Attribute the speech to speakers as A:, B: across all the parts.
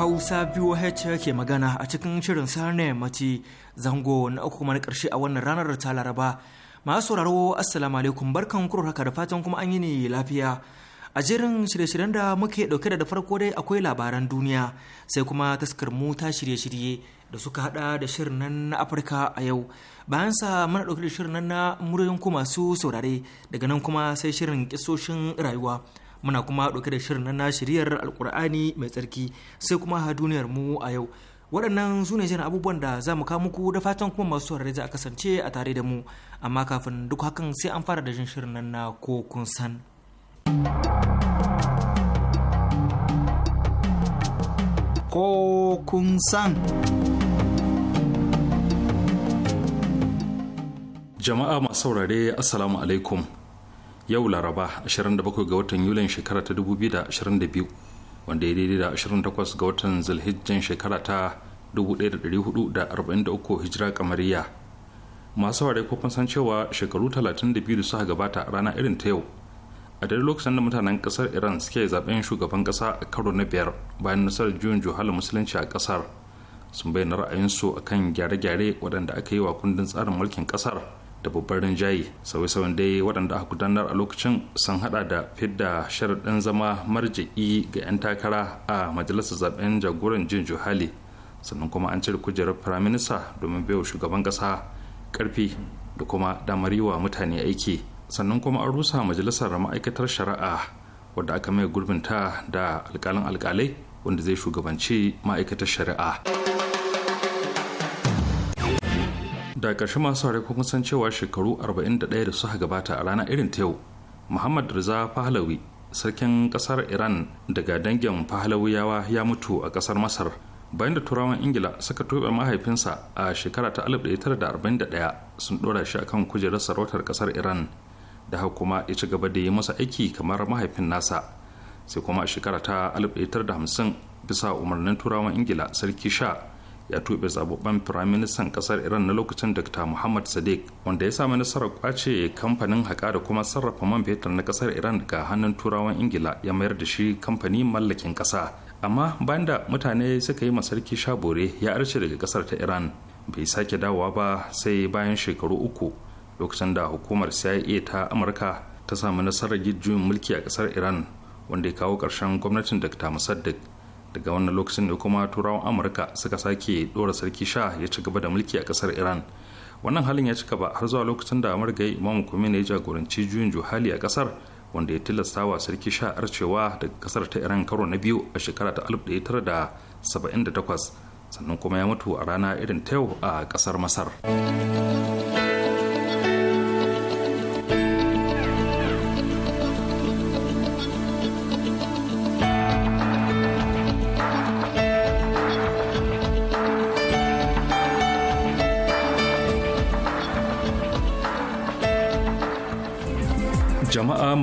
A: Hausa VOH ke magana a cikin shirin sarne mace zango na uku kuma na ƙarshe a wannan ranar ta Laraba. Masu sauraro Assalamu alaikum barkan kuro haka da fatan kuma an yi ne lafiya. A jerin shirye-shiryen da muke ɗauke da farko dai akwai labaran duniya sai kuma taskar mu ta shirye-shirye da suka hada da shirin nan na Afirka a yau. Bayan sa muna ɗauke da shirin nan na muryoyin ku masu saurare daga nan kuma sai shirin kisoshin rayuwa. muna kuma ɗauke da shirin na shiriyar alkur'ani mai tsarki sai kuma duniyar mu a yau waɗannan su ne shirin abubuwan da za mu kawo muku da fatan kuma masu saurare za a kasance a tare da mu amma kafin duk hakan sai an fara da jin shirin nan na ko kun san ko kun san
B: jama'a masu saurare assalamu alaikum yau laraba 27 ga watan yulin shekara ta 2022 wanda ya daidai da 28 ga watan zulhijjan shekara ta 1443 hijira kamariya masu ware ko san cewa shekaru 32 da suka gabata rana irin ta yau a dare lokacin da mutanen kasar iran suke zaben shugaban kasa a karo na biyar bayan nasarar juyin juhalar musulunci a kasar sun bayyana ra'ayinsu akan gyare-gyare waɗanda aka yi wa kundin tsarin mulkin kasar da babban rinjaye sauye-sauyen dai waɗanda aka gudanar a lokacin sun hada da fidda sharaɗin zama marji'i ga 'yan takara a majalisar zaben jagoran jin juhali sannan kuma an cire kujerar firaminista domin baiwa shugaban ƙasa ƙarfi da kuma damar yi wa mutane aiki sannan kuma an rusa majalisar ma'aikatar shari'a wadda aka mai gurbinta da alƙalin alƙalai wanda zai shugabanci ma'aikatar shari'a. da ƙarshe masu haure kuma san cewa shekaru 41 da suka gabata a ranar irin ta yau muhammad riza pahlawi sarkin ƙasar iran daga dangin pahlawiyawa ya mutu a ƙasar masar bayan da turawan ingila suka tuɓe mahaifinsa a shekara ta 1941 sun ɗora shi akan kujerar sarautar ƙasar iran da haka kuma ya ci gaba da yi masa aiki kamar mahaifin nasa sai kuma a shekara ta 1950 bisa umarnin turawan ingila sarki sha ya tuɓe zababben firaministan ƙasar iran na lokacin dr muhammad sadiq wanda ya sami nasarar kwace kamfanin haƙa da kuma sarrafa man fetur na ƙasar iran daga hannun turawan ingila ya mayar da shi kamfanin mallakin ƙasa amma bayan da mutane suka yi masarki shabore ya arce daga ƙasar ta iran bai sake dawowa ba sai bayan shekaru uku lokacin da hukumar cia ta amurka ta sami nasarar gijjuyin mulki a ƙasar iran wanda ya kawo ƙarshen gwamnatin dr musaddiq daga wannan lokacin da kuma turawan amurka suka sake dora sarki sha ya ci gaba da mulki a kasar iran wannan halin ya ci gaba har zuwa lokacin da marigayi imam kumina ya jagoranci juyin juhali a kasar wanda ya tilasta wa sarki sha arcewa daga kasar ta iran karo na biyu a shekara ta 1978 sannan kuma ya mutu a rana irin ta yau a kasar masar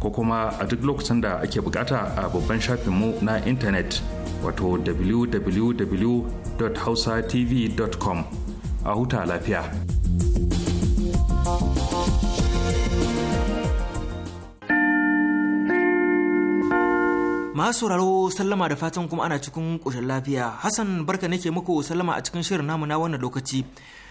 B: ko kuma a duk lokacin da ake bukata a babban mu na intanet wato www.hausatv.com a huta lafiya.
A: masu sauraro sallama da fatan kuma ana cikin ƙoshin lafiya hassan barka nake muku sallama a cikin shirin namu na wannan lokaci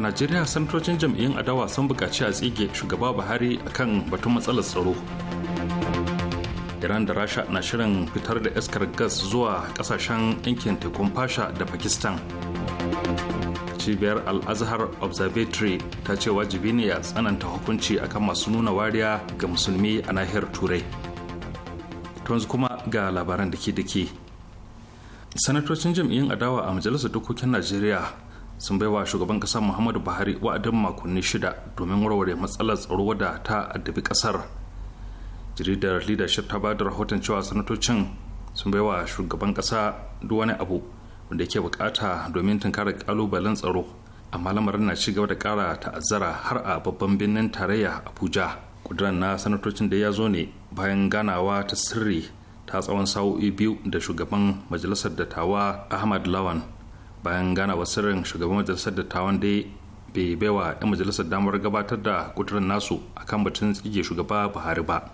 B: a najeriya sanatocin jam'iyyun adawa sun buƙaci a tsige shugaba buhari akan batun matsalar tsaro iran da rasha na shirin fitar da iskar gas zuwa kasashen yankin tekun fasha da pakistan cibiyar al-azhar observatory ta ce wajibi ne a tsananta hukunci akan masu nuna wariya ga musulmi a nahiyar turai Tunzu kuma ga labaran da ke sanatocin jam'iyyun adawa a majalisar dokokin najeriya sun bai wa shugaban kasa muhammadu buhari wa'adin makonni shida domin warware matsalar tsaro da ta addabi kasar jaridar leadership ta ba da rahoton cewa sanatocin sun baiwa shugaban kasa duk wani abu wanda ke bukata domin tunkarar kalubalen tsaro amma lamarin na ci gaba da kara ta'azzara har a babban birnin tarayya abuja kudiran na sanatocin da ya zo ne bayan ganawa ta sirri ta tsawon sa'o'i biyu da shugaban majalisar dattawa ahmad lawan bayan gana sirrin shugaban majalisar dattawan dai bai baiwa 'yan majalisar damar gabatar da kuturan nasu a kan batun tsige shugaba buhari ba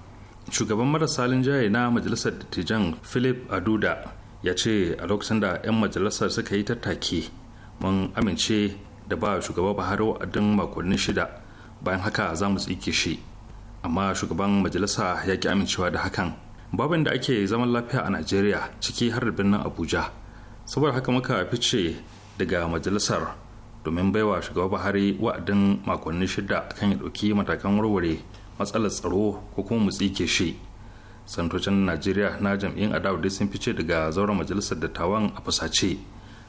B: shugaban marasa linjaye na majalisar dattijan philip aduda ya ce a lokacin da 'yan majalisar suka yi tattaki mun amince da ba shugaba buhari wa'adin makonnin shida bayan haka za mu tsike shi amma shugaban majalisa ya ki amincewa da hakan babin da ake zaman lafiya a najeriya ciki har da birnin abuja saboda haka muka fice daga majalisar domin baiwa shugaba buhari wa'adin makonni shida kan ya ɗauki matakan warware matsalar tsaro ko kuma mu tsike shi santocin najeriya na adawa Adawade sun fice daga zauren majalisar dattawan a fusace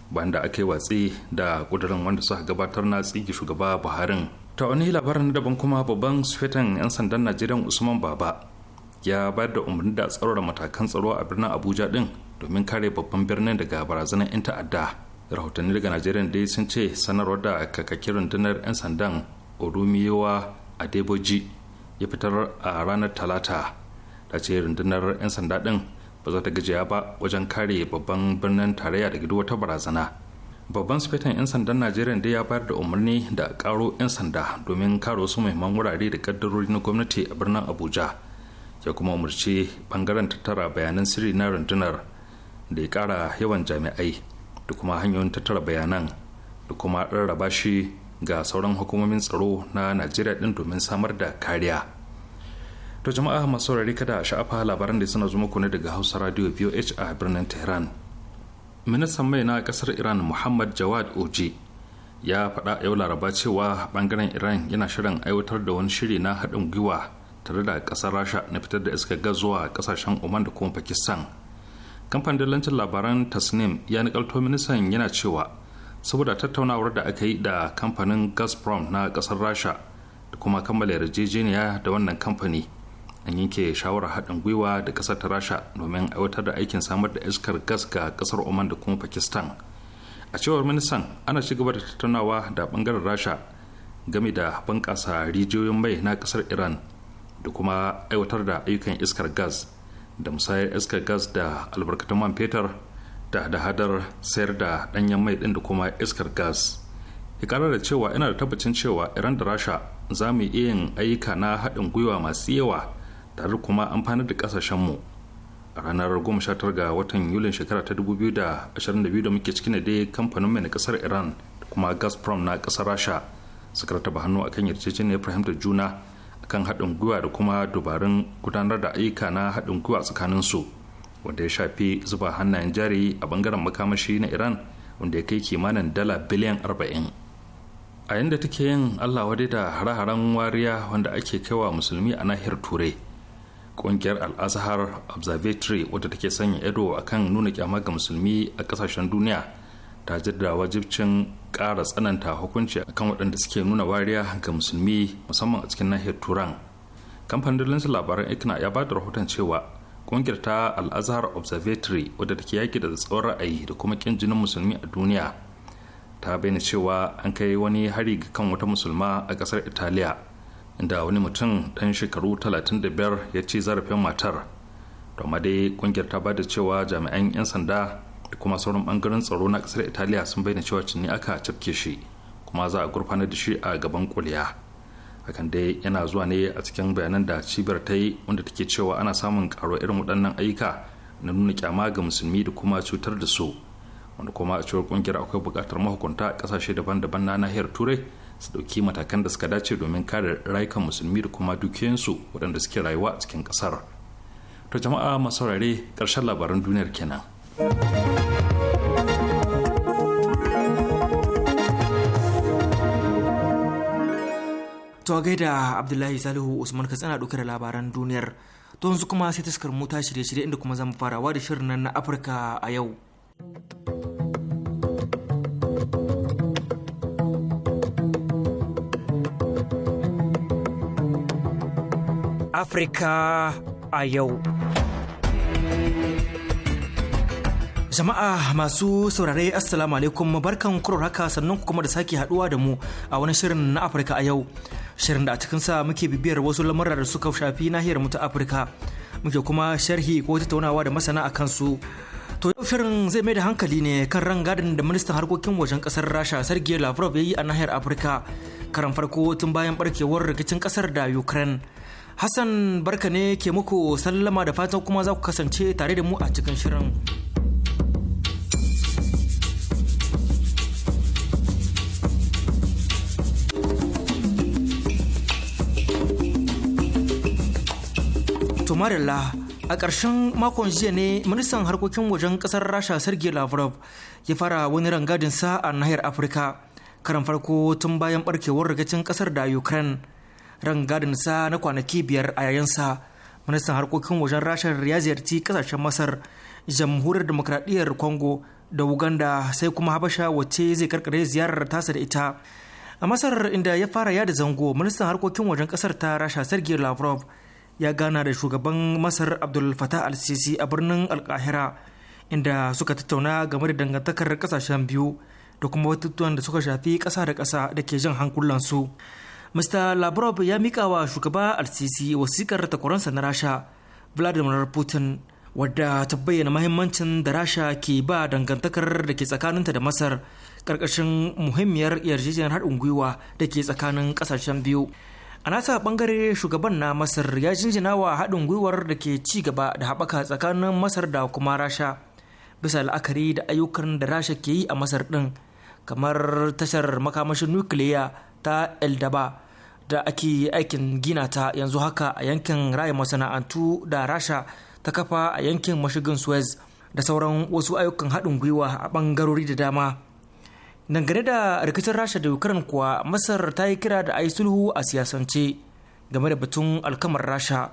B: banda aka yi watsi da ƙudurin wanda suka gabatar na tsige shugaba buharin ta wani labarin daban kuma babban sufetan 'yan sandan najeriya usman baba ya bayar da umarni da tsaurara matakan tsaro a birnin abuja din domin kare babban birnin daga barazanar 'yan ta'adda rahotanni daga najeriya dai sun ce sanarwar da kakakin rundunar 'yan sandan a deboji ya fitar a ranar talata da ce rundunar 'yan sanda din ba za ta gajiya ba wajen kare babban birnin tarayya daga duk wata barazana babban sifetan 'yan sandan najeriya dai ya bayar da umarni da karo 'yan sanda domin karo wasu muhimman wurare da kaddarori na gwamnati a birnin abuja ya kuma umarci bangaren tattara bayanan sirri na rundunar da ya kara yawan jami'ai da kuma hanyoyin tattara bayanan da kuma rarraba shi ga sauran hukumomin tsaro na najeriya din domin samar da kariya to jama'a masu saurari kada a sha'afa labaran da suna zo muku ne daga hausa radio voh a birnin tehran ministan mai na kasar iran muhammad jawad oji ya faɗa yau laraba cewa bangaren iran yana shirin aiwatar da wani shiri na haɗin gwiwa tare da ƙasar rasha na fitar da iska zuwa ƙasashen oman da kuma pakistan kamfanin dillancin labaran tasnim ya nikalto ministan yana cewa saboda tattaunawar da aka yi da kamfanin gazprom na kasar rasha da kuma kammala yarjejeniya da wannan kamfani an yanke shawarar haɗin gwiwa da kasar ta rasha domin aiwatar da aikin samar da iskar gas ga kasar oman da kuma pakistan a cewar ministan ana ci gaba da tattaunawa da bangaren rasha game da bunƙasa rijiyoyin mai na kasar iran da kuma aiwatar da ayyukan iskar gas da musayar iskar gas da albarkatun man fetur da hada-hadar sayar da danyen mai din da kuma iskar gas ya kara da cewa ina da tabbacin cewa iran da rasha za mu iya yin ayyuka na haɗin gwiwa masu yawa tare kuma amfanar da ƙasashenmu a ranar 19 ga watan yulin shekara ta 2022 da muke cikin dai kamfanin mai na ƙasar iran da kuma gazprom na ƙasar rasha suka rataba hannu akan yarjejeniyar fahimtar juna kan haɗin gwiwa da kuma dubarun gudanar da ayyuka na haɗin gwiwa tsakanin su wanda ya shafi zuba hannayen jari a bangaren makamashi na iran wanda ya kai kimanin dala biliyan arba'in. a yadda take yin allah wade da hare-haren wariya wanda ake kaiwa musulmi a nahiyar turai ƙungiyar al observatory wadda take sanya ido akan nuna kyama ga musulmi a ƙasashen duniya ta jaddada wajibcin kara tsananta hukunci akan waɗanda suke nuna wariya ga musulmi musamman a cikin nahiyar turan kamfanin labaran ikna ya ba da rahoton cewa kungiyar ta al'azhar observatory wadda take yaki da tsawon ra'ayi da kuma kin jinin musulmi a duniya ta bayyana cewa an kai wani hari ga kan wata musulma a ƙasar italiya inda wani mutum ɗan shekaru 35 ya ci zarafin matar amma dai kungiyar ta ba da cewa jami'an 'yan sanda da kuma sauran bangaren tsaro na kasar italiya sun bayyana cewa ne aka cafke shi kuma za a gurfana da shi a gaban kuliya hakan dai yana zuwa ne a cikin bayanan da cibiyar ta yi wanda take cewa ana samun karo irin waɗannan ayyuka na nuna kyama ga musulmi da kuma cutar da su wanda kuma a cewar kungiyar akwai buƙatar mahukunta ƙasashe daban-daban na nahiyar turai su ɗauki matakan da suka dace domin kare rayukan musulmi da kuma dukiyoyinsu waɗanda suke rayuwa a cikin ƙasar to jama'a masaurare ƙarshen labaran duniyar kenan To
A: gaida Abdullahi Salihu Usman Katsina ɗauke da labaran duniyar. To yanzu kuma sai taskar mota shirye-shirye inda kuma zan farawa da shirin nan na Afirka a yau. Afirka a yau. Jama'a masu saurare Assalamu alaikum barkan kurar haka sannan kuma da sake haduwa da mu a wani shirin na Afirka a yau. Shirin da a cikin sa muke bibiyar wasu lamurra da suka shafi nahiyar mu ta Afirka. Muke kuma sharhi ko tattaunawa da masana a kansu. To yau shirin zai mai da hankali ne kan rangadin da ministan harkokin wajen kasar Rasha Sergei Lavrov ya yi a nahiyar Afirka. Karan farko tun bayan barkewar rikicin kasar da Ukraine. Hassan barka ne ke muku sallama da fatan kuma za ku kasance tare da mu a cikin shirin. marilla a ƙarshen makon jiya ne ministan harkokin wajen ƙasar rasha sergei lavrov ya fara wani rangadin sa a nahiyar afirka karan farko tun bayan barkewar rigacin ƙasar da ukraine sa na kwanaki biyar a sa ministan harkokin wajen rasha ya ziyarci ƙasashen masar jamhuriyar demokradiyyar congo da uganda sai kuma habasha wacce zai karkare ziyarar tasa da ita a masar inda ya fara yada zango ministan harkokin wajen ƙasar ta rasha sergei lavrov ya gana da shugaban masar abdul fatah al-sisi a birnin alkahira inda suka tattauna game da dangantakar kasashen biyu da kuma batutuwan da suka shafi kasa da kasa da ke jan hankulansu mr labrov ya mika wa shugaba al-sisi wasikar takwaransa na rasha vladimir putin wadda ta bayyana mahimmancin da rasha ke ba dangantakar da ke tsakaninta da masar ƙarƙashin muhimmiyar yarjejeniyar haɗin gwiwa da ke tsakanin kasashen biyu a nasa bangare shugaban na masar ya jinjina wa haɗin gwiwar da ke ci gaba da haɓaka tsakanin masar da kuma rasha bisa la'akari da ayyukan da rasha ke yi a masar ɗin kamar tashar makamashin nukiliya ta eldaba da ake aikin gina ta yanzu haka a yankin raya masana'antu da rasha ta kafa a yankin mashigin suez da sauran wasu ayyukan haɗin gwiwa a bangarori da dama dangane da rikicin rasha da ukraine kuwa masar ta yi kira da ayi sulhu a siyasance game da batun alkamar rasha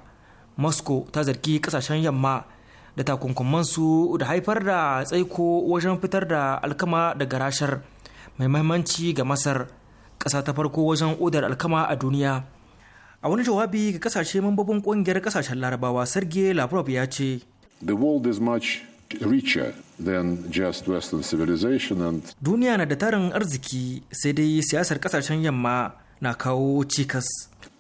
A: moscow ta zargi kasashen yamma da takunkumansu da haifar da tsaiko wajen fitar da alkama daga rashar mai mahimmanci ga masar ƙasa ta farko wajen odar alkama a duniya a wani jawabi ga kasashe mambobin ƙungiyar kasashen larabawa sergei lavrov ya ce
C: the world is much richer than just Western civilization and
A: Duniya na da tarin arziki sai dai siyasar kasashen yamma na kawo cikas.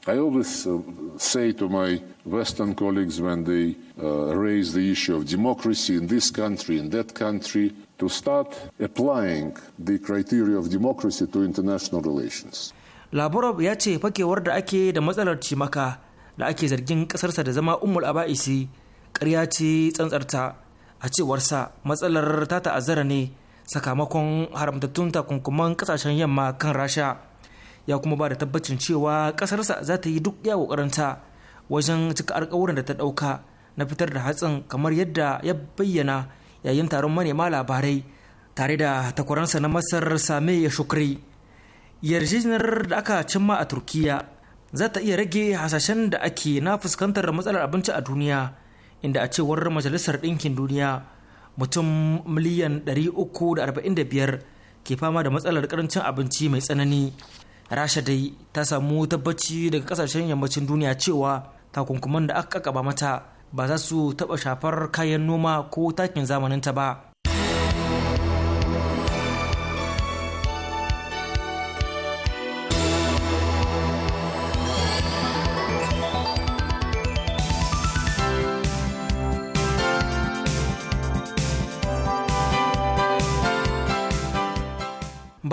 A: I always uh, say to my Western
C: colleagues when they uh, raise the issue of democracy in this country, in that country, to start applying the criteria of democracy to international relations.
A: Laborov ya ce fakewar da ake da matsalar cimaka da ake zargin ƙasarsa da zama umul aba'isi ƙarya ce tsantsarta a cewarsa matsalar ta ta'azzara ne sakamakon haramtattun takunkuman kasashen yamma kan rasha ya kuma ba da tabbacin cewa kasarsa za ta yi duk ya kokarinta wajen cika alkawuran da ta dauka na fitar da hatsin kamar yadda ya bayyana yayin taron manema labarai tare da takwaransa na masar same ya shukri yarjejinar da aka cimma a turkiya za ta iya rage hasashen da ake na fuskantar matsalar abinci a duniya inda a cewar majalisar ɗinkin duniya mutum miliyan 345 ke fama da matsalar karancin abinci mai tsanani rasha dai ta samu tabbaci daga kasashen yammacin duniya cewa takunkuman da aka kaba mata ba za su taɓa shafar kayan noma ko takin zamaninta ba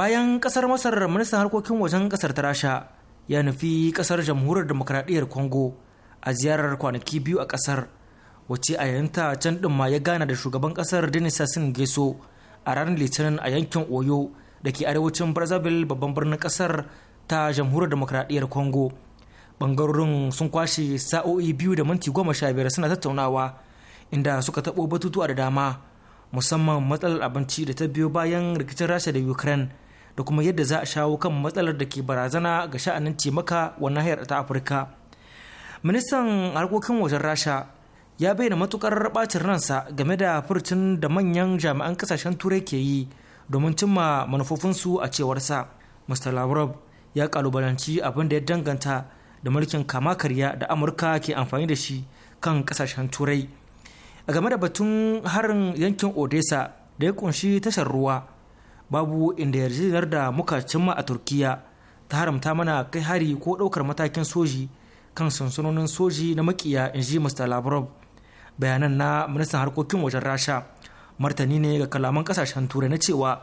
A: bayan kasar masar ministan harkokin wajen kasar ta rasha ya nufi kasar jamhuriyar demokradiyyar congo a ziyarar kwanaki biyu a kasar wace a ta can din ma ya gana da shugaban kasar denis sassin geso a ranar litinin a yankin oyo da ke arewacin brazzaville babban birnin kasar ta jamhuriyar demokradiyyar congo bangarorin sun kwashe sa'o'i biyu da minti goma sha biyar suna tattaunawa inda suka taɓo batutuwa da dama musamman matsalar abinci da ta biyo bayan rikicin rasha da ukraine da kuma yadda za a shawo kan matsalar da ke barazana ga sha'anin cimaka wa nahiyar ta afirka ministan harkokin wajen rasha ya bayyana matukar bacin ransa game da furcin da manyan jami'an kasashen turai ke yi domin cimma manufofinsu a cewarsa mr lavrov ya kalubalanci abin da ya danganta da mulkin kama karya da amurka ke amfani da shi kan kasashen turai a game da batun harin yankin odessa da ya kunshi tashar ruwa babu inda yarjejeniyar da muka cimma a turkiya ta haramta mana kai hari ko ɗaukar matakin soji kan sansanonin soji na makiya in ji mr labrov bayanan na ministan harkokin wajen rasha martani ne ga kalaman kasashen turai na cewa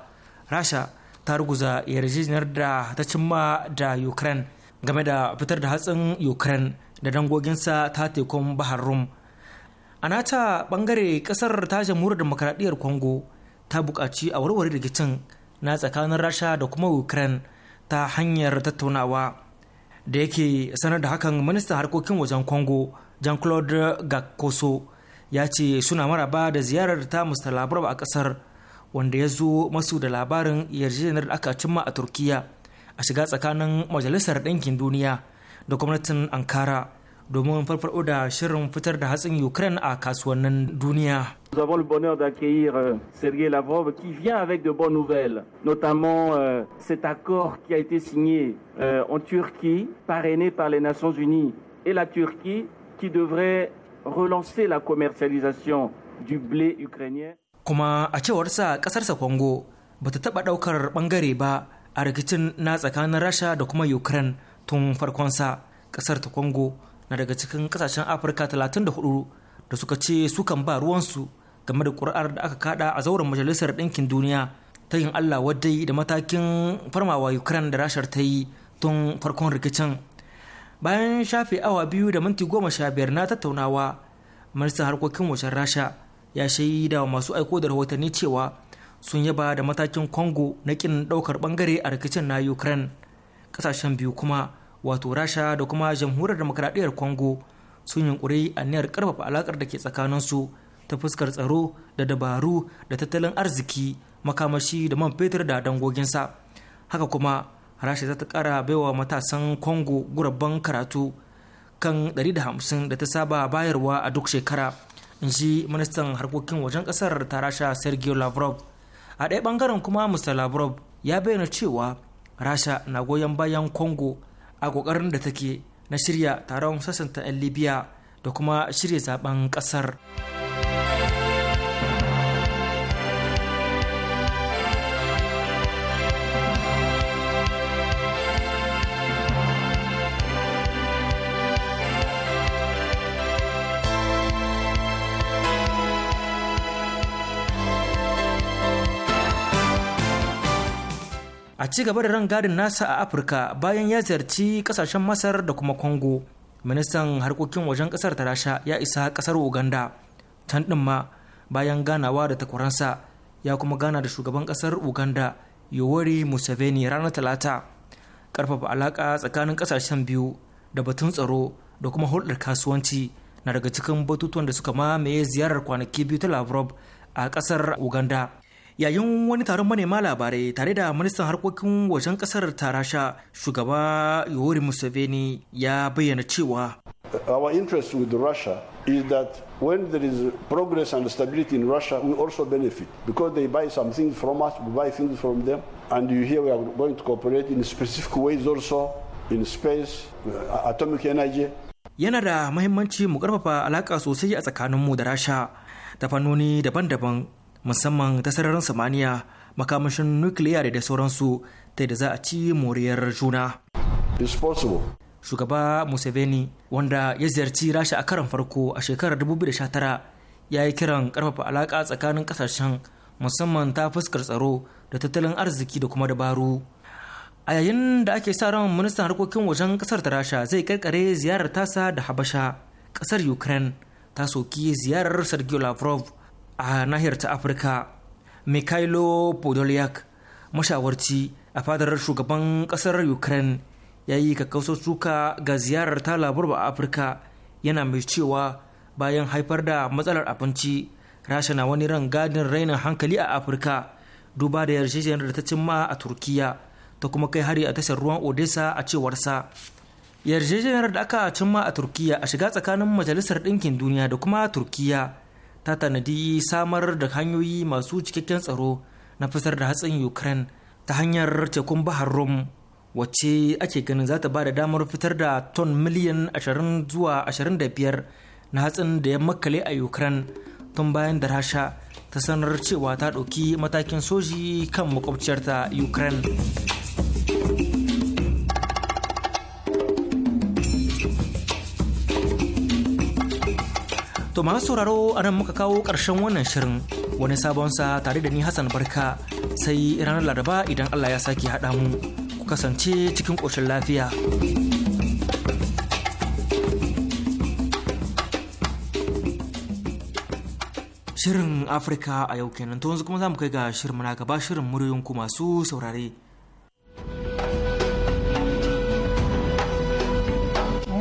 A: rasha ta ruguza yarjejeniyar da ta cimma da ukraine game da fitar da hatsin ukraine da dangoginsa ta tekun bahar rum a nata bangare kasar ta jamhuriyar demokradiyyar congo ta buƙaci a warware rikicin na tsakanin rasha da kuma ukraine ta hanyar tattaunawa da yake sanar da hakan ministan harkokin wajen congo jean-claude gakoso ya ce suna maraba da ziyarar ta musta labarab a kasar wanda ya zo masu da labarin yarjejeniyar da aka cimma a turkiya a shiga tsakanin majalisar ɗinkin duniya da gwamnatin ankara domin farfado da shirin fitar da hatsin Ukraine a kasuwannin duniya.
B: Nous avons le bonheur d'accueillir euh, Sergei
D: Lavrov qui vient avec de bonnes nouvelles, notamment euh, cet accord qui a été signé euh, en Turquie, parrainé par les Nations Unies et la Turquie, qui devrait relancer la commercialisation du blé ukrainien.
A: Kuma a kasar sa Congo ba ta taɓa daukar bangare ba a rikicin na tsakanin Rasha da kuma Ukraine tun sa kasar ta Kongo, na daga cikin kasashen afirka 34 da suka ce sukan ba ruwansu game da ƙuri'ar da aka kada a zauren majalisar ɗinkin duniya ta yin allah wadai da matakin farmawa ukraine da rashar ta yi tun farkon rikicin bayan shafe awa biyu da minti goma sha biyar na tattaunawa ministan harkokin wajen rasha ya shaida wa masu aiko da rahotanni cewa sun yaba da matakin congo na kin ɗaukar bangare a rikicin na ukraine ƙasashen biyu kuma wato rasha da kuma jamhuriyar demokradiyyar congo sun yunkuri niyar karfafa alakar da ke tsakaninsu ta fuskar tsaro da dabaru da tattalin arziki makamashi da man fetur da dangoginsa haka kuma rasha za ta kara baiwa matasan congo gurabban karatu kan 150 da ta saba bayarwa a duk shekara in ji ministan harkokin wajen kasar ta rasha sergio lavrov a ɗaya bangaren kuma mr lavrov ya bayyana cewa rasha na goyon bayan congo a kokarin da take na shirya taron sassanta 'yan libya da kuma shirya zaben kasar. a ci gaba da rangadin nasa a afirka bayan ya ziyarci kasashen masar da kuma congo ministan harkokin wajen kasar ta rasha ya isa kasar uganda can ɗin ma bayan ganawa da takwaransa ya kuma gana da shugaban kasar uganda yowari museveni ranar talata karfafa alaka tsakanin kasashen biyu da batun tsaro da kuma hulɗar kasuwanci na daga cikin batutuwan da suka mamaye ziyarar kwanaki biyu ta lavrov a kasar uganda yayin wani taron manema labarai tare da ministan harkokin wajen kasar tarasha shugaba yori museveni ya bayyana cewa
E: our interest with russia is that when there is progress and stability in russia we also benefit because they buy some things from us we buy things from them and you hear we are going to cooperate in specific ways also in space uh, atomic energy
A: yana da muhimmanci mu karfafa alaka sosai a tsakaninmu da rasha ta fannoni daban-daban musamman ta sararin samaniya makamashin nukiliya da sauransu ta da za a ci moriyar juna. Shugaba Museveni wanda ya ziyarci Rasha a karan farko a shekarar 2019 ya yi kiran karfafa alaka tsakanin kasashen musamman ta fuskar tsaro da tattalin arziki da kuma dabaru. A yayin da ake sa ran ministan harkokin wajen kasar ta Rasha zai karkare ziyarar tasa da Habasha, kasar Ukraine ta soki ziyarar Sergio Lavrov a nahiyar ta afirka mikhailo podolyak mashawarci a fadar shugaban kasar ukraine ya yi kakkausar suka ga ziyarar ta labar a afirka yana mai cewa bayan haifar da matsalar abinci rasha na wani ran gadin rainin hankali a afirka duba da yarjejeniyar da ta cimma a turkiya ta kuma kai hari a tashar ruwan odessa a cewarsa yarjejeniyar da aka cimma a turkiya a shiga tsakanin majalisar ɗinkin duniya da kuma turkiya ta tanadi samar da hanyoyi masu cikakken tsaro na fitar da hatsin ukraine ta hanyar tekun bahar rum wacce ake ganin za ta ba da damar fitar da ton miliyan 20 zuwa 25 na hatsin da ya makale a ukraine tun bayan da rasha ta sanar cewa ta ɗauki matakin soji kan makwabciyarta ukraine To masu sauraro a nan muka kawo ƙarshen wannan shirin wani sabon sa tare da ni Hassan Barka sai ranar Laraba idan Allah ya sake haɗa mu ku kasance cikin koshin lafiya. Shirin Afirka a yau kenan to yanzu kuma za mu kai ga shirin na gaba shirin muryoyin ku masu saurare.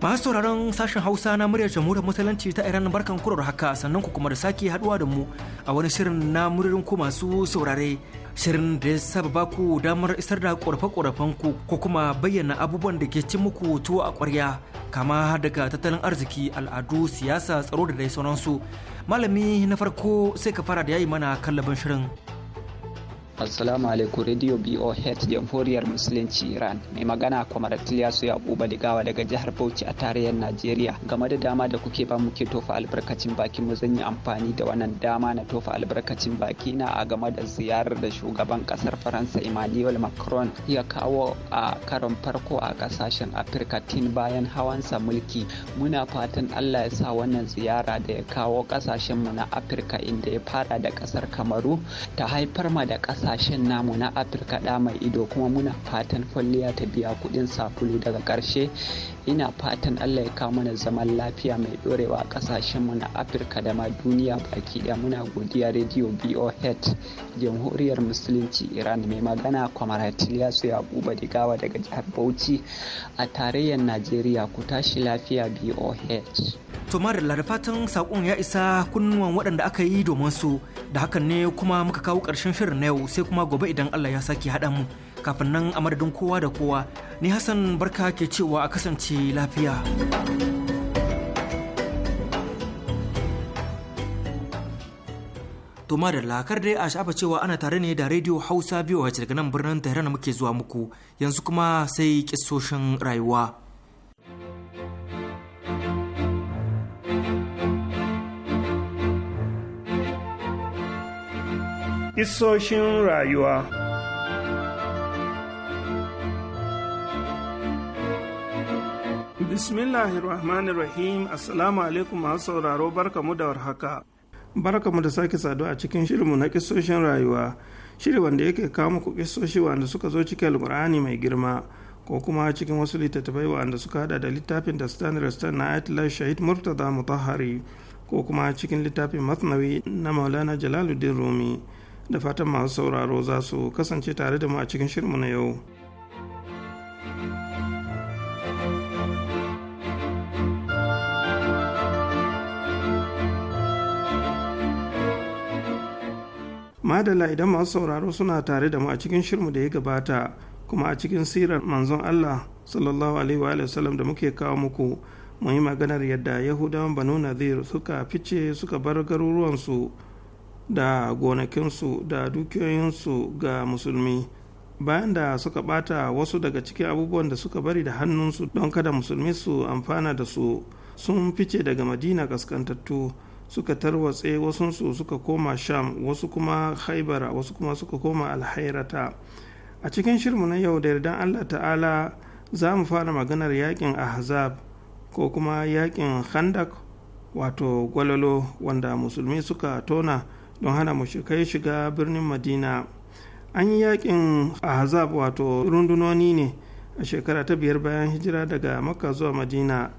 A: masu sauraron sashen hausa na muryar jamhuriyar musulunci ta iran barkan kurar haka sannan ku kuma da sake haduwa da mu a wani shirin na muryar ku masu saurare shirin da ya saba ba ku damar isar da korafe-korafen ku ko kuma bayyana abubuwan da ke cin muku tuwo a kwarya kama daga tattalin arziki al'adu siyasa tsaro da dai sauransu malami na farko sai ka fara da yayi mana kallabin shirin
F: Assalamu alaikum Radio BOH Jamhuriyar Musulunci Iran. Mai magana su su Yakuba Digawa daga jihar Bauchi a tarayyar Najeriya. Game da dama da kuke ba muke tofa albarkacin baki mu zan yi amfani da wannan dama na tofa albarkacin baki na a game da ziyarar da shugaban kasar Faransa Emmanuel Macron ya kawo a karon farko a kasashen Afirka tin bayan hawansa mulki. Muna fatan Allah ya sa wannan ziyara da ya kawo kasashen mu na Afirka inda ya fara da kasar Kamaru ta haifar ma da kasar kasashen namu na afirka da mai ido kuma muna fatan kwalliya ta biya kudin sapulu daga karshe ina fatan allah ya kawo mana zaman lafiya mai dorewa kasashen mu na afirka da ma duniya baki daya muna godiya rediyo boh jamhuriyar musulunci iran mai magana ya su buba digawa daga jihar bauchi a tarayyar najeriya ku tashi lafiya boh
A: to marilla da fatan saƙon ya isa kunnuwan waɗanda aka yi domin su da hakan ne kuma muka kawo ƙarshen shirin na yau sai kuma gobe idan allah ya sake haɗa mu kafin nan a madadin kowa da kowa ni hassan barka ke cewa a kasance lafiya to da lakar dai a shafa cewa ana tare ne da radio hausa biyu a daga nan birnin tehran muke zuwa muku yanzu kuma sai kisoshin
D: rayuwa Isoshin rayuwa Bismillahirrahmanirrahim Assalamu alaikum masu sauraro barka barkamu da warhaka. Barkamu da sake sadu a cikin shirinmu na kisoshin rayuwa, shiri wanda yake kawo muku kisoshi wanda suka zo cikin alkur'ani mai girma ko kuma cikin wasu littattafai wanda suka hada da littafin da standard stand na Ayatollah Shahid Murtada Mutahari ko kuma cikin littafin Masnawi na Maulana Jalaluddin Rumi. Da fatan masu sauraro za su kasance tare da mu a cikin shirinmu na yau. madala idan masu sauraro suna tare da mu a cikin shirmu da ya gabata kuma a cikin sirar manzon allah sallallahu alaihi wa sallam da muke kawo muku mun yi maganar yadda yahudawan banu nazir suka fice suka bar garuruwansu da gonakinsu da dukiyoyinsu ga musulmi bayan da suka bata wasu daga cikin abubuwan da suka bari da hannunsu don kada musulmi su amfana da su sun fice daga madina kaskantattu suka tarwatse wasunsu suka koma sham wasu kuma haibara wasu kuma suka koma alhairata a cikin shirmu na yau da yardan allah ta'ala za mu fara maganar yakin ahzab ko kuma yakin khandak wato gwalalo wanda musulmi suka tona don hana mu mushrikai shiga birnin madina an yi yakin ahzab wato rundunoni ne a shekara ta biyar bayan hijira daga maka zuwa madina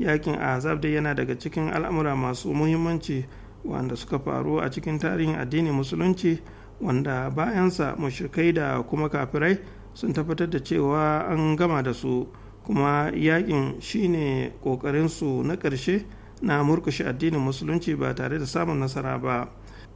D: yakin azab dai yana daga cikin al'amura masu muhimmanci wanda suka faru a cikin tarihin addinin musulunci wanda bayansa mushrikai da kuma kafirai sun tabbatar da cewa an gama da su kuma yakin shine su na ƙarshe na murkushe addinin musulunci ba tare da samun nasara ba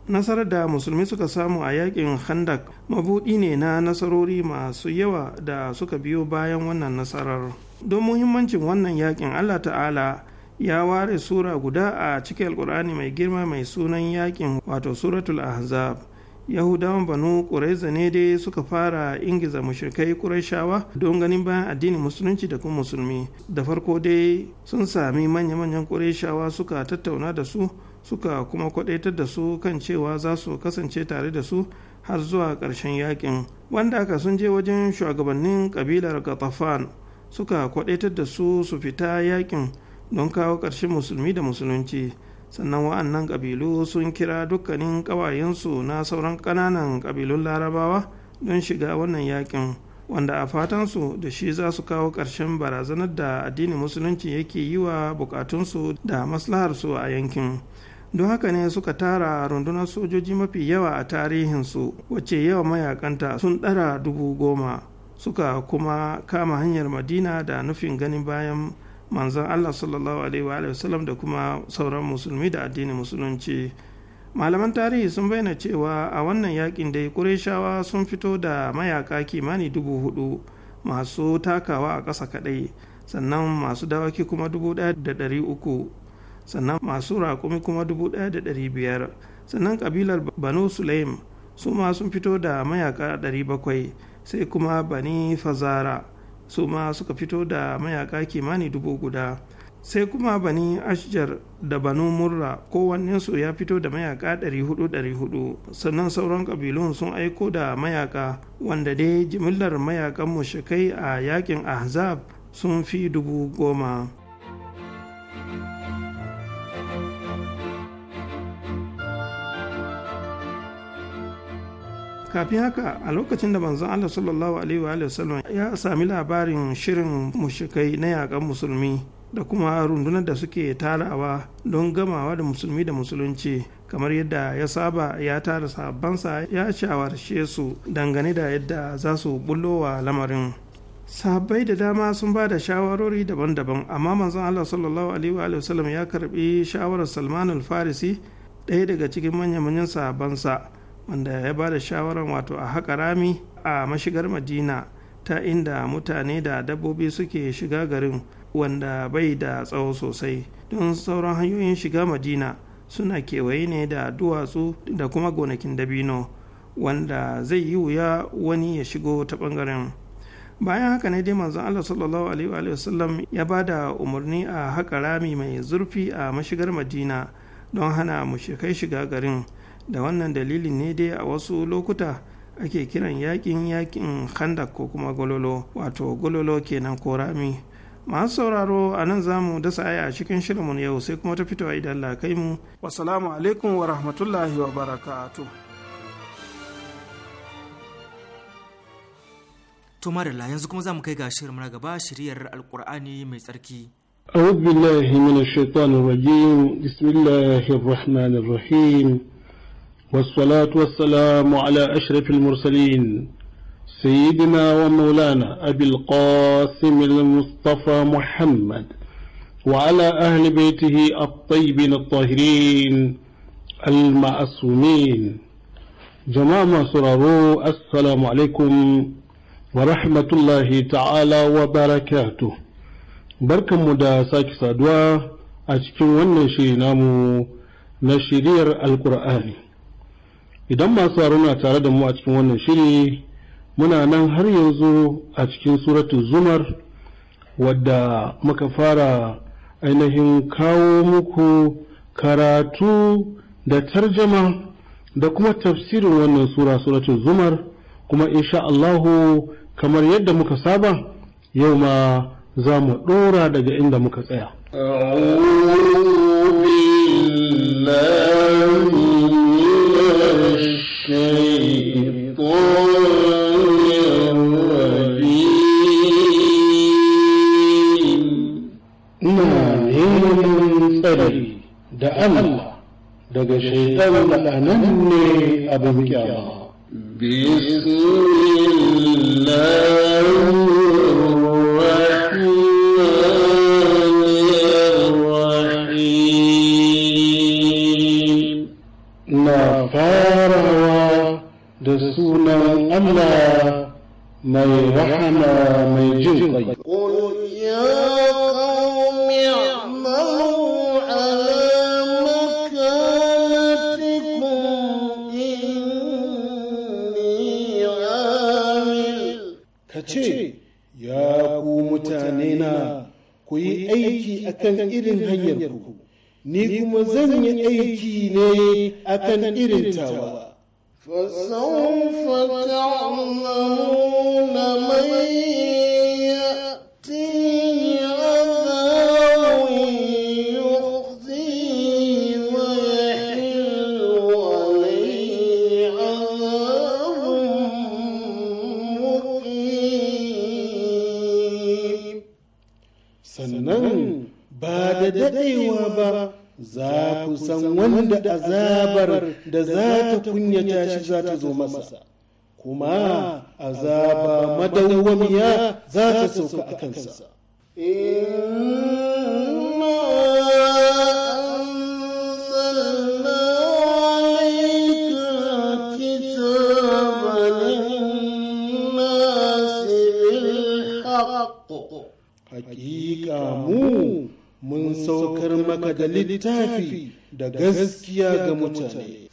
D: nasarar da musulmi suka samu a yakin handak mabuɗi ne na nasarori masu yawa da suka biyo bayan wannan nasarar don muhimmancin wannan yakin allah ta'ala ya ware sura guda a cikin alkur'ani mai girma mai sunan yakin wato suratul ahzab yahudawan banu kuraiza ne dai suka fara ingiza mushrikai kurashawa don ganin bayan addinin musulunci da kuma musulmi da farko dai sun sami manya-manyan kurashawa suka tattauna da su suka kuma kwadaitar da su kan cewa za su kasance tare da su har zuwa ƙarshen yakin wanda aka sun je wajen shugabannin ƙabilar gatafan suka kwadaitar da su su fita yakin don kawo ƙarshen musulmi da musulunci sannan wa'annan ƙabilu sun kira dukkanin ƙawayensu na sauran ƙananan ƙabilun larabawa don shiga wannan yakin wanda a fatansu da shi za su kawo ƙarshen barazanar da addinin musulunci yake yi wa bukatunsu da maslaharsu a yankin don haka ne suka tara rundunar sojoji mafi yawa a tarihinsu wacce yawa mayakanta sun ɗara dubu goma suka kuma kama hanyar madina da nufin ganin bayan manzon allah sallallahu alaihi sallam da kuma sauran musulmi da addinin musulunci malaman tarihi sun bayyana cewa a wannan yakin dai kureshawa sun fito da mayaka kimani dubu hudu masu takawa a ƙasa kaɗai sannan masu dawaki kuma dubu ɗaya da ɗari uku sannan masu raƙumi kuma dubu ɗaya da ɗari biyar sannan ƙabilar banu sulaim su ma sun fito da mayaka ɗari bakwai sai kuma bani fazara su ma suka fito da mayaka kimani dubu guda sai kuma bani ashjar da banu murra kowannensu ya fito da mayaka 400-400 sannan sauran kabilun sun aiko da mayaka wanda dai jimillar mayakan shakai a yakin ahzab sun fi dubu goma. kafin haka a lokacin da manzon Allah sallallahu alaihi wa sallam ya sami labarin shirin mushikai na yakan musulmi da kuma rundunar da suke tarawa don gamawa da musulmi da musulunci kamar yadda ya saba ya tara sabansa ya shawarce su dangane da yadda za su bullowa lamarin Sabai da dama sun ba da shawarori daban-daban amma manzon Allah sallallahu alaihi wa sallam ya karbi shawarar Salman al-Farisi ɗaya daga cikin manya-manyan sahabbansa wanda ya ba da shawarar wato a haƙa rami a mashigar madina ta inda mutane da dabbobi suke shiga garin wanda bai da tsawo sosai don sauran hanyoyin shiga madina suna kewaye ne da duwatsu da kuma gonakin dabino wanda zai yi wuya wani ya shigo ta ɓangaren. bayan haka ne dai manzon Allah sallallahu alaihi wa sallam ya ba da umarni a haƙa rami mai zurfi a mashigar Madina don hana mushrikai shiga garin da wannan dalili ne dai a wasu lokuta ake kiran yakin yakin handak ko kuma gololo wato gololo kenan ko rami masu sauraro a nan za mu dasa aya a cikin shirinmu yau sai kuma ta fitowa idan la kai mu wasalamu alaikum wa rahmatullahi wa barakatu.
A: to da yanzu kuma za mu kai ga shirin na gaba shiryar alkur'ani mai tsarki
G: أعوذ بالله من الشيطان الرجيم بسم الله الرحمن الرحيم والصلاة والسلام على أشرف المرسلين سيدنا ومولانا أبي القاسم المصطفى محمد وعلى أهل بيته الطيبين الطاهرين المعصومين جماعة سرارو السلام عليكم ورحمة الله تعالى وبركاته بركة مدى ساكسادوا سادوا أشكي ونشي نامو نشرير القرآن idan masu na tare da mu a cikin wannan shiri muna nan har yanzu a cikin suratu zumar wadda muka fara ainihin kawo muku karatu da tarjama da kuma tafsirin wannan sura suratu zumar kuma insha Allahu kamar yadda muka saba yau ma za mu ɗora daga inda muka tsaya.
C: ina
G: neman tsari da Allah daga shaitan la'anan ne abin kyama. Bismillah da sunan Allah mai rahama mai jin kai. Ka
E: ce, Ya ku mutane na ku yi aiki akan irin hanyar ku, ni kuma zan yi aiki ne akan irin tawa. فسوف تعلمون من
C: يأتي عذاب يخزيه ويحل عليه عذاب مقيم
E: سنن بعد da daɗewa za ku san wanda azabar da za ta kunyata shi za ta zo masa kuma azaba madawwamiya za ta sauka a kansa.
C: Eh.
E: mun saukar maka da littafi da gaskiya ga mutane.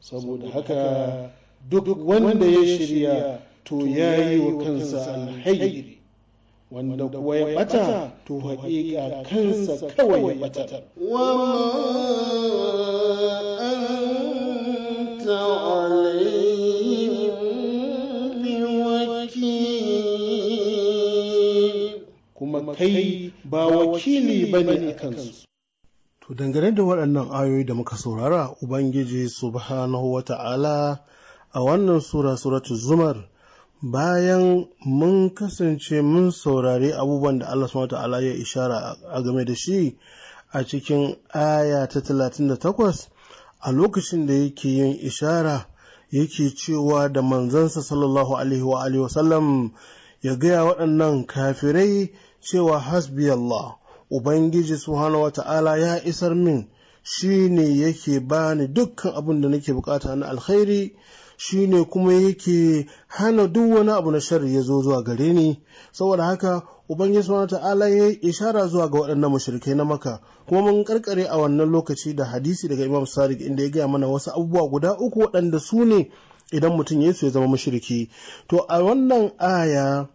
E: Saboda haka duk wanda ya shirya to ya yi wa kansa alhairi, wanda kuwa ya bata to haƙiƙa kansa kawai ya batar. kuma kai ba wakili ba ne kansu. To dangane da waɗannan ayoyi da muka saurara Ubangiji subhanahu wa ta'ala a wannan sura suratu zumar bayan mun kasance mun saurari abubuwan da Allah SWT ya ishara a game da shi a cikin aya ta 38 a lokacin da yake yin ishara yake cewa da manzansa sallallahu alaihi wa alihi wasallam ya gaya waɗannan kafirai cewa hasbi Allah ubangiji subhanahu ta'ala ya isar min shi ne yake bani dukkan abin da nake bukata na alkhairi shine kuma yake hana duk wani abu na shari ya zo zuwa gare ni saboda haka ubangiji subhanahu ta'ala ya yi ishara zuwa ga waɗannan mushrikai na maka kuma mun karkare a wannan lokaci da hadisi daga imam sadiq inda ya gaya mana wasu abubuwa guda uku waɗanda su ne idan mutum ya su ya zama mushriki to a wannan aya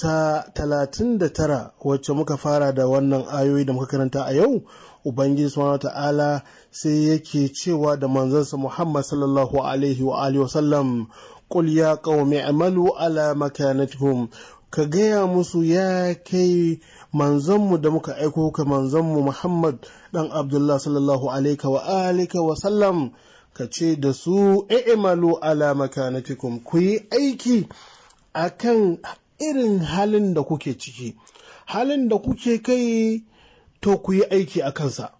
E: ta 39 wacce muka fara da wannan ayoyi da muka karanta a yau ubangiji subhanahu ta'ala sai yake cewa da manzansa muhammad sallallahu alaihi wa alihi wasallam qul ya qaumi amalu ala makanatikum ka gaya musu ya kai manzanmu da muka aiko ka manzanmu muhammad dan abdullah sallallahu alaihi wa alihi wasallam sallam ka ce da su i'malu ala makanatikum ku yi aiki akan irin halin da kuke ciki halin da kuke kai to ku yi aiki a kansa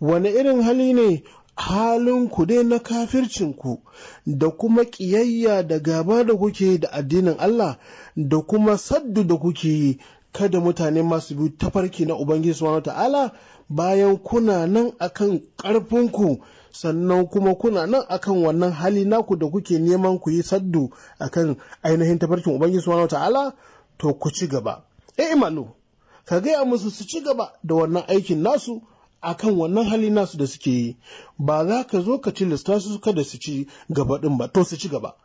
E: wani irin hali ne halinku dai na kafircinku da kuma ƙiyayya da gaba da kuke da addinin Allah da kuma saddu da kuke yi kada mutane masu biyu tafarki na Ubangiji subhanahu ta'ala bayan kuna nan akan ƙarfinku sannan kuma kuna nan akan wannan hali naku da kuke neman ku yi saddu akan ainihin tafarkin Ubangiji subhanahu ta'ala to ku ci gaba. Eh imanu ka gaya musu su ci gaba da wannan aikin nasu a kan wannan hali nasu da suke yi ba za ka zo ka tilasta su kada su ci gaba din ba to su ci gaba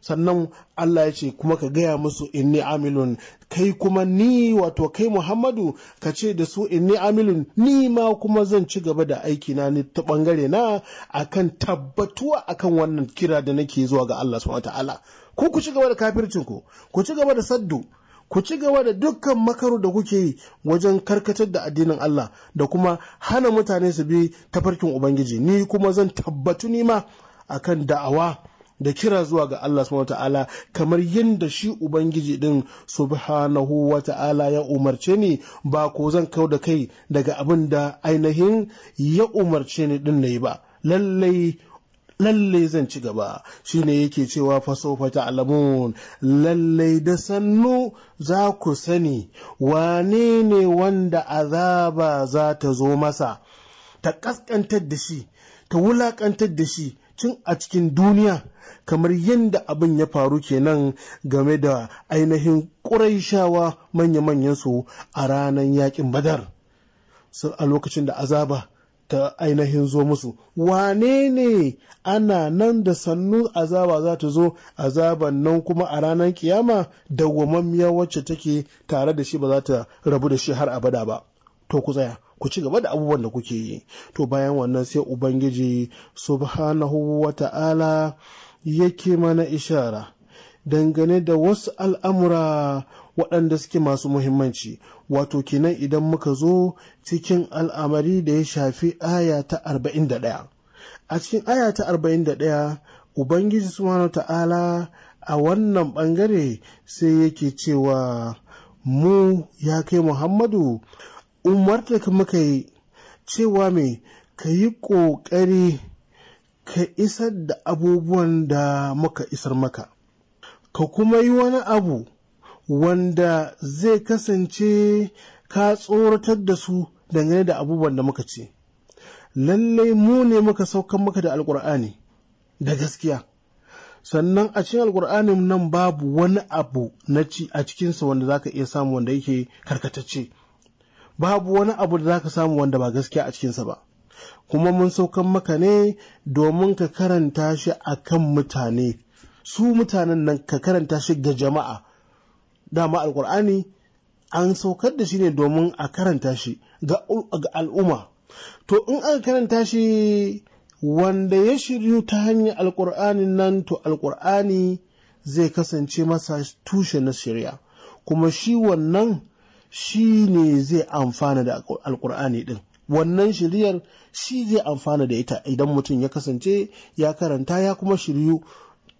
E: sannan Allah ya ce kuma ka gaya musu inni amilun kai kuma ni wato kai Muhammadu ka ce da su inni amilun ni ma kuma zan ci gaba da aiki na ni ta bangare na akan tabbatuwa akan wannan kira da nake zuwa ga Allah subhanahu wataala ku ku ci gaba da kafircin ku ci gaba da saddu ku ci gaba da dukkan makaru da kuke yi wajen karkatar da addinin Allah da kuma hana mutane su bi tafarkin Ubangiji ni kuma zan tabbatu nima akan da'awa da kira zuwa ga Allah subhanahu ta'ala kamar yadda shi Ubangiji din subhanahu wa ta'ala ya umarce ni ba ko zan kau da kai daga abin da ainihin ya umarce ni din na yi ba lallai lalle zan ci gaba shi ne yake cewa fata alamun lalle da sannu za ku sani wane ne wanda azaba za ta zo masa ta kaskantar da shi ta wulakantar da shi cin a cikin duniya kamar yadda abin ya faru kenan game da ainihin ƙuraishawa manya-manyansu a ranar yakin badar a lokacin da azaba ta ainihin zo musu wane ne ana nan da sannu azaba za ta zo azaban nan kuma a ranar kiyama dawwamammiya wacce take tare da shi ba za ta rabu da shi har abada ba to ku tsaya ku ci gaba da abubuwan da kuke yi to bayan wannan sai ubangiji subhanahu wa ta'ala yake mana ishara dangane da wasu al'amura waɗanda suke masu muhimmanci wato kenan idan muka zo cikin al'amari da ya shafi aya ta 41 a cikin aya ta ɗaya, ubangiji subhanahu ta'ala a wannan bangare sai yake cewa mu ya kai muhammadu umarta muka yi cewa mai ka yi ƙoƙari ka isar da abubuwan da muka isar maka ka kuma yi wani abu wanda zai kasance ka tsoratar da su dangane da abubuwan da muka ce lallai mu ne muka saukan maka da alkur'ani da gaskiya sannan a cikin alkur'ani nan babu wani abu na ci a cikinsa wanda zaka iya samu wanda yake karkatacce babu wani abu da zaka samu wanda ba gaskiya a cikinsa ba kuma mun saukan maka ne domin ka karanta shi a kan mutane su mutanen nan ka karanta shi ga jama'a dama alkur'ani an saukar da shi ne domin a karanta shi ga al'umma to in aka karanta shi wanda ya shiryu ta hanyar alkur'ani nan to alkur'ani zai kasance masa tushe na shirya kuma shi wannan shi ne zai amfana da alkur'ani din wannan shiryar shi zai amfana da ita idan mutum ya kasance ya karanta ya kuma shiryu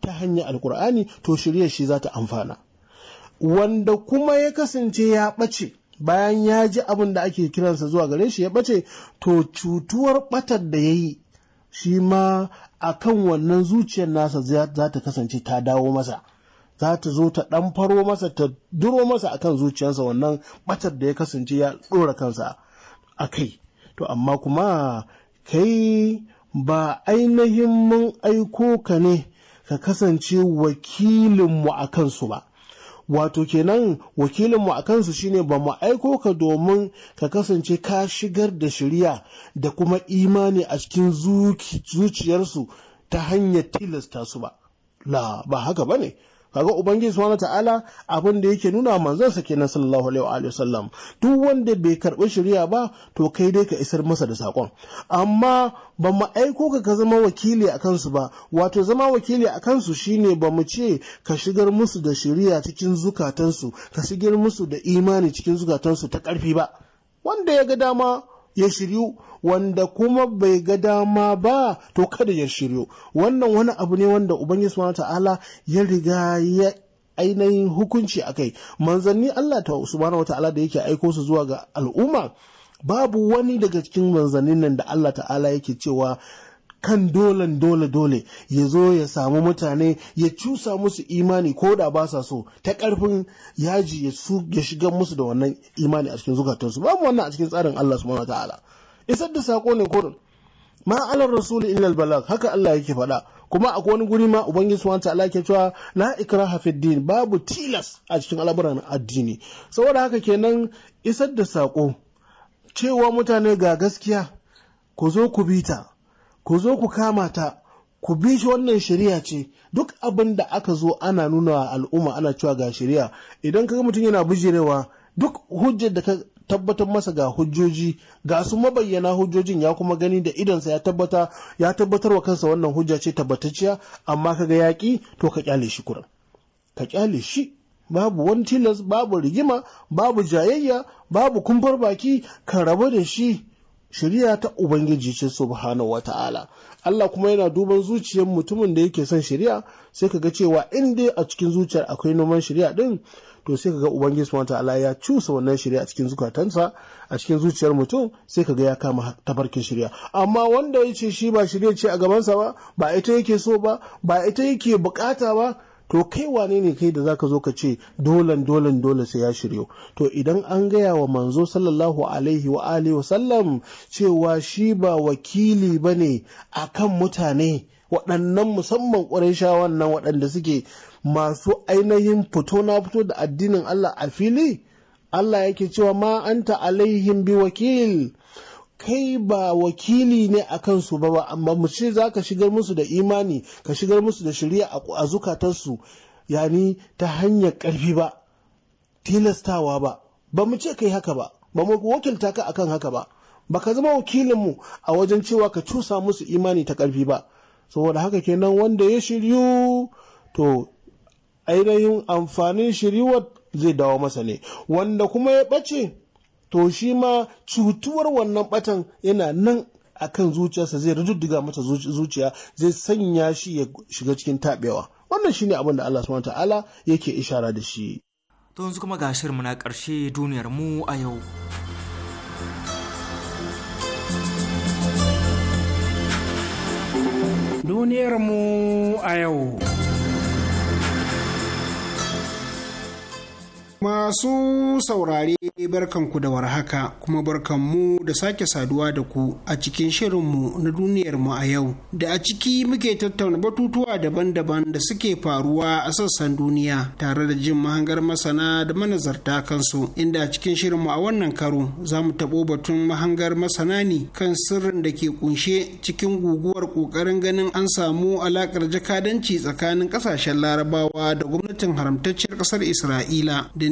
E: ta hanyar alkur'ani to shiryar shi za ta amfana wanda kuma ya kasance ya ɓace bayan ya ji abin da ake kiransa zuwa gare shi ya ɓace to cutuwar ɓatar da ya yi shi ma a kan wannan zuciyar nasa za ta kasance ta dawo masa za ta zo ta ɗan faro masa ta duro masa a kan zuciyarsa wannan ɓatar da ya kasance ya ɗora kansa a kai to amma kuma kai ba ainihin mun aiko ka ne ka kasance wakilinmu a kansu ba wato kenan wakilinmu a kansu shine ba mu aiko ka domin ka kasance ka shigar da shirya da kuma imani a cikin zuciyarsu ta hanyar tilasta su ba la ba haka ba ne kaga ubangiji subhanahu ta'ala abin da yake nuna manzon sa kenan sallallahu alaihi wa sallam duk wanda bai karbi shari'a ba to kai dai ka isar masa da sakon amma ba mu aiko ka ka zama wakili a kansu ba wato zama wakili a kansu shine ba mu ce ka shigar musu da shari'a cikin zukatansu ka shigar musu da imani cikin zukatansu ta karfi ba wanda ya ga dama ya shiryu wanda kuma bai ga dama ba to kada ya shiryo wannan wani abu ne wanda ubangiji subhanahu ta'ala ya riga ya ainihin hukunci a kai manzanni Allah ta subhanahu wata'ala da yake aiko su zuwa ga al'umma babu wani daga cikin manzannin nan da Allah ta'ala yake cewa kan dole dole ya zo ya samu mutane ya cusa musu imani ko da ba sa so ta ƙarfin yaji ya shiga musu da wannan imani a cikin zukatansu babu wannan a cikin tsarin Allah subhanahu wata'ala isar da sako ne kurin ma alar rasuli illal balag haka Allah yake faɗa kuma a wani guri ma ubangiji subhanahu ta'ala ke cewa la ikraha fid din babu tilas a cikin al'amuran addini saboda haka kenan isar da sako cewa mutane ga gaskiya ku zo ku bi ta ku zo ku kama ta ku bi shi wannan shari'a ce duk abin da aka zo ana nuna al'umma ana cewa ga shari'a idan kaga mutum yana bijirewa duk hujjar da ka tabbatar masa ga hujjoji ga su mabayyana hujjojin ya kuma gani da idonsa ya tabbata ya tabbatar wa kansa wannan hujja ce tabbatacciya amma ka ga yaƙi to ka kyale shi kuran ka kyale shi babu wani tilas babu rigima babu jayayya babu kumfar baki ka rabu da shi shari'a ta ubangiji ce subhanahu wata'ala Allah kuma yana duban zuciyar mutumin da yake son shari'a sai ka ga cewa in dai a cikin zuciyar akwai noman shari'a din to sai kaga ubangiji subhanahu ta'ala ya cusa wannan shirya a cikin zukatansa a cikin zuciyar mutum sai kaga ya kama tafarkin shirya. amma wanda ya ce shi ba shari'a ce a gabansa ba ba ita yake so ba ba ita yake bukata ba to kai wane ne kai da za ka zo ka ce dolan dolan dole sai ya shiryo to idan an gaya wa manzo sallallahu alaihi wa alihi wa sallam cewa shi ba wakili bane akan mutane waɗannan musamman ƙwarishawan nan waɗanda suke masu ainihin fito na fito da addinin Allah a fili Allah yake cewa ma anta alaihim bi wakil kai ba wakili ne a kansu ba ba amma mu ce za ka shigar musu da imani ka shigar musu da shari'a a zukatarsu yani ta hanyar ƙarfi ba tilastawa ba ba mu ce kai haka ba ba mu wakilta ka akan haka ba ba ka zama wakilinmu a wajen cewa ka cusa musu imani ta ƙarfi ba saboda haka kenan wanda ya shiryu to ainihin amfanin shiryuwar zai dawo masa ne wanda kuma ya ɓace to shi ma cutuwar wannan ɓatan yana nan akan zuciyarsa zai daga mata zuciya zai sanya shi ya shiga cikin taɓewa wannan shine abin da Allah subhanahu ta'ala yake ishara da
A: shi to yanzu kuma ga shirmu na ƙarshe duniyar mu a yau
H: duniyarmu a yau. Masu saurare barkanku da warhaka kuma barkanmu da sake saduwa da ku a cikin shirinmu na duniyarmu a yau da a ciki muke tattauna batutuwa daban-daban da suke faruwa a sassan duniya tare da jin mahangar masana da manazarta kansu inda a cikin shirinmu a wannan karo za mu taɓo batun mahangar masana ne kan sirrin da ke kunshe cikin guguwar ƙoƙarin ganin an samu alaƙar jakadanci tsakanin ƙasashen larabawa da gwamnatin haramtacciyar ƙasar isra'ila da